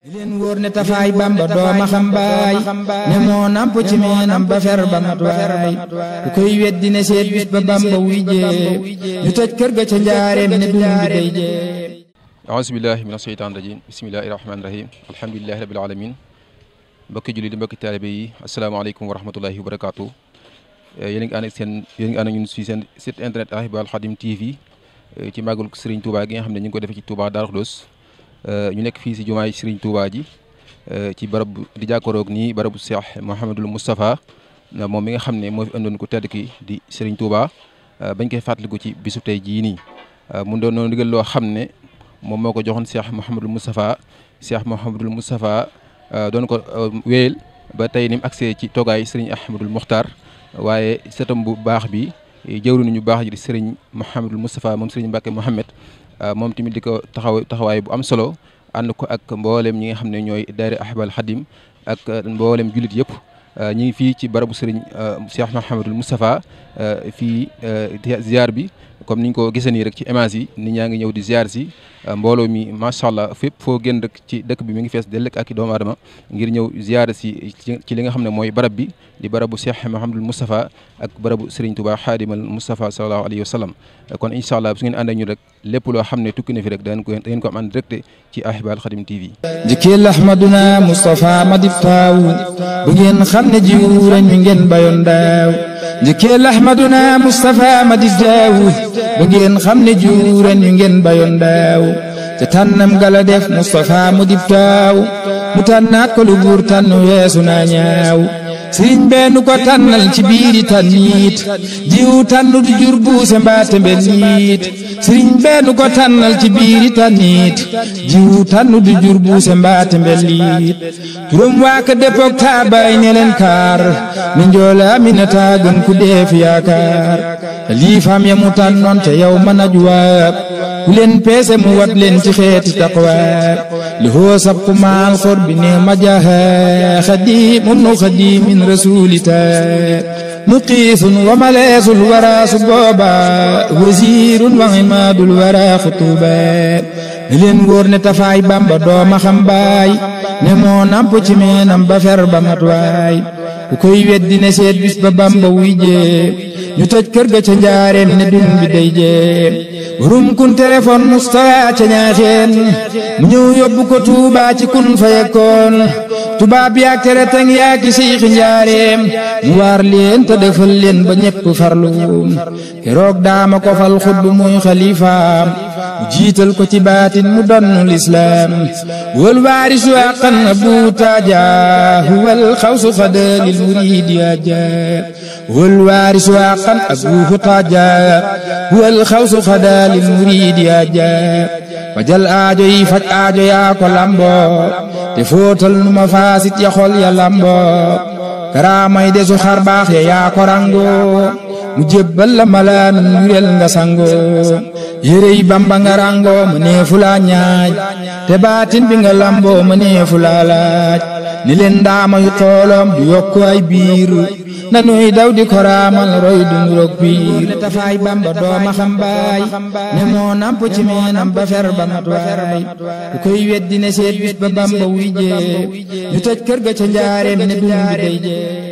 di leen wóor ne tafaay bamba dooma xam baay ne moo namp ci meenam ba fer ba mat waay koy weddi seet bis ba bamba wuy jéem ñu tëj kër ga ca njaareem ne dund day jéem aouzu billahi min asheytaan rajim bismillahi rahmaani rahim alhamdulilahi rabil alamin mbokki julli di mbokki taalibe yi asalaamaaleykum wa rahmatullahi wa barakaatu eh, yéen a ngi ànd ak seen yéen a ngi ànd ak ñun si seen site internet Ahibahil Khadim TV eh, ci màggal Serigne Touba gi nga xam ne ñu ngi ko defee ci Touba Darou Khoudoss Euh, ñu nekk fii si jumaay Serigne Touba ji euh, ci barab di jàkkaaroog nii barabu Cheikh Mouhamadul Moustapha euh, moom mi nga xam ne moo andoon ku tedd ki di Serigne Touba bañ koy fàttaliku ci bisu tey jii nii mu doon noonu loo xam ne moom moo ko joxoon Cheikh Mouhamadul Moustapha Cheikh Mouhamadul Moustapha doon ko wéyal ba tey ni mu agsee ci toogaay Serigne Ahmadul Mokhtar waaye sëtam bu baax bi jëwriñu ñu baax ji di Serigne Mouhamadul Moustapha moom Serigne Mbacke Mouhamed Euh, moom tamit di ko taxaw taxawaay bu am solo ànd ko ak mboolem ñi nga xam ne ñooy daari ahbal xadim ak euh, mboolem jullit yëpp euh, ñu ngi fii ci barabu sëriñ Cheikh Mouhamadul Moustapha fii ziar bi comme niñ ko gisee nii rek ci image yi nit ñaa ngi ñëw di ziar si Euh, mbooloo mi macha allah fépp foo génn ci dëkk bi mi ngi fees dell ak i doomu aadama ngir ñëw ziyaare si ci li nga xam ne mooy barab bi di barabu a Mouhamadul Moustapha ak barabu Serigne Touba Xaadimal Moustapha sallallahu alayhi wa sallam euh, kon incha allah su ngeen ànd ak ñun rek lépp a xam ne tukki na fi rek dangeen ko am en direct ci Ahibahil Khadim TV. jikkeel Ahmaduna Moustapha Madib Taw bu ngeen xam ne jiw rek ngeen bayoon njëkkeel ahmaduna Moustapha Madis Diaw ba ngeen xam ne juuran yu ngeen bayoon daaw te tànnam gala def Moustapha mu dib taaw mu tànnaat ko lu buur tànn weesu naa ñaaw sëriñ benn ko tànnal ci biiri tànniit jiw tànnut jur buuse mbaate mbenniit sëriñ benn ko tànnal ci biiri tànniit jiw tànnut jur buuse mbaate mbenniit juróom waa ka depook taabaay ne leen kaar ni njoole aminata gën ku deef yaakaar liifaam ya mu ca yow mën a juwaab bu leen peese mu wat leen ci xeeti taqwa li huwa sabqu maal xor bi ne majaha xadiimun nu xadiimin rasulita muqiisun wa maleesul wara su booba wasiirun wa imaadul wara xutuuba ne leen wóor ne tafaay bamba dooma xam ne moo namp ci meenam ba fer ba matwaay ku koy weddi ne seet bis ba bamba wuy jee ñu toj kër ga ca njaareem ne dun bi day jéem burum kun téléphone Moustapha ca ñaaxeen mu ñëw yóbbu ko Touba ci kun fayekoon tubaab yaag tere tang yaag ci siixi njaareem mu waar leen te defal leen ba ñépp farlu keroog daama ko fal xutbu muy xalifaam jiital ko ci baatin mu donnu lislaam wal waarisu àqan abu taaja huwal xawsu fadalil muridi aja wal waarisu àqan abu taaja huwal xawsu fadalil muridi aja faj aajo yaa ko lamboo te fóotal nu ma faasit ya xol karaamay desu xar baax ya yaa ko mu jébbal la malaanum wéel nga sangoo yérey bamba nga rangoo ma neefu laa ñaaj te baatin bi nga lamboo ma neefu laa laaj ni leen ndaama yu tooloom du yokku ay biiru nanuy daw di koraamal roy dunduroog biir ku koy weddi ne seet bis ba bamba wuy jéeb ñu toj kër ga ca njaareem ne dundu day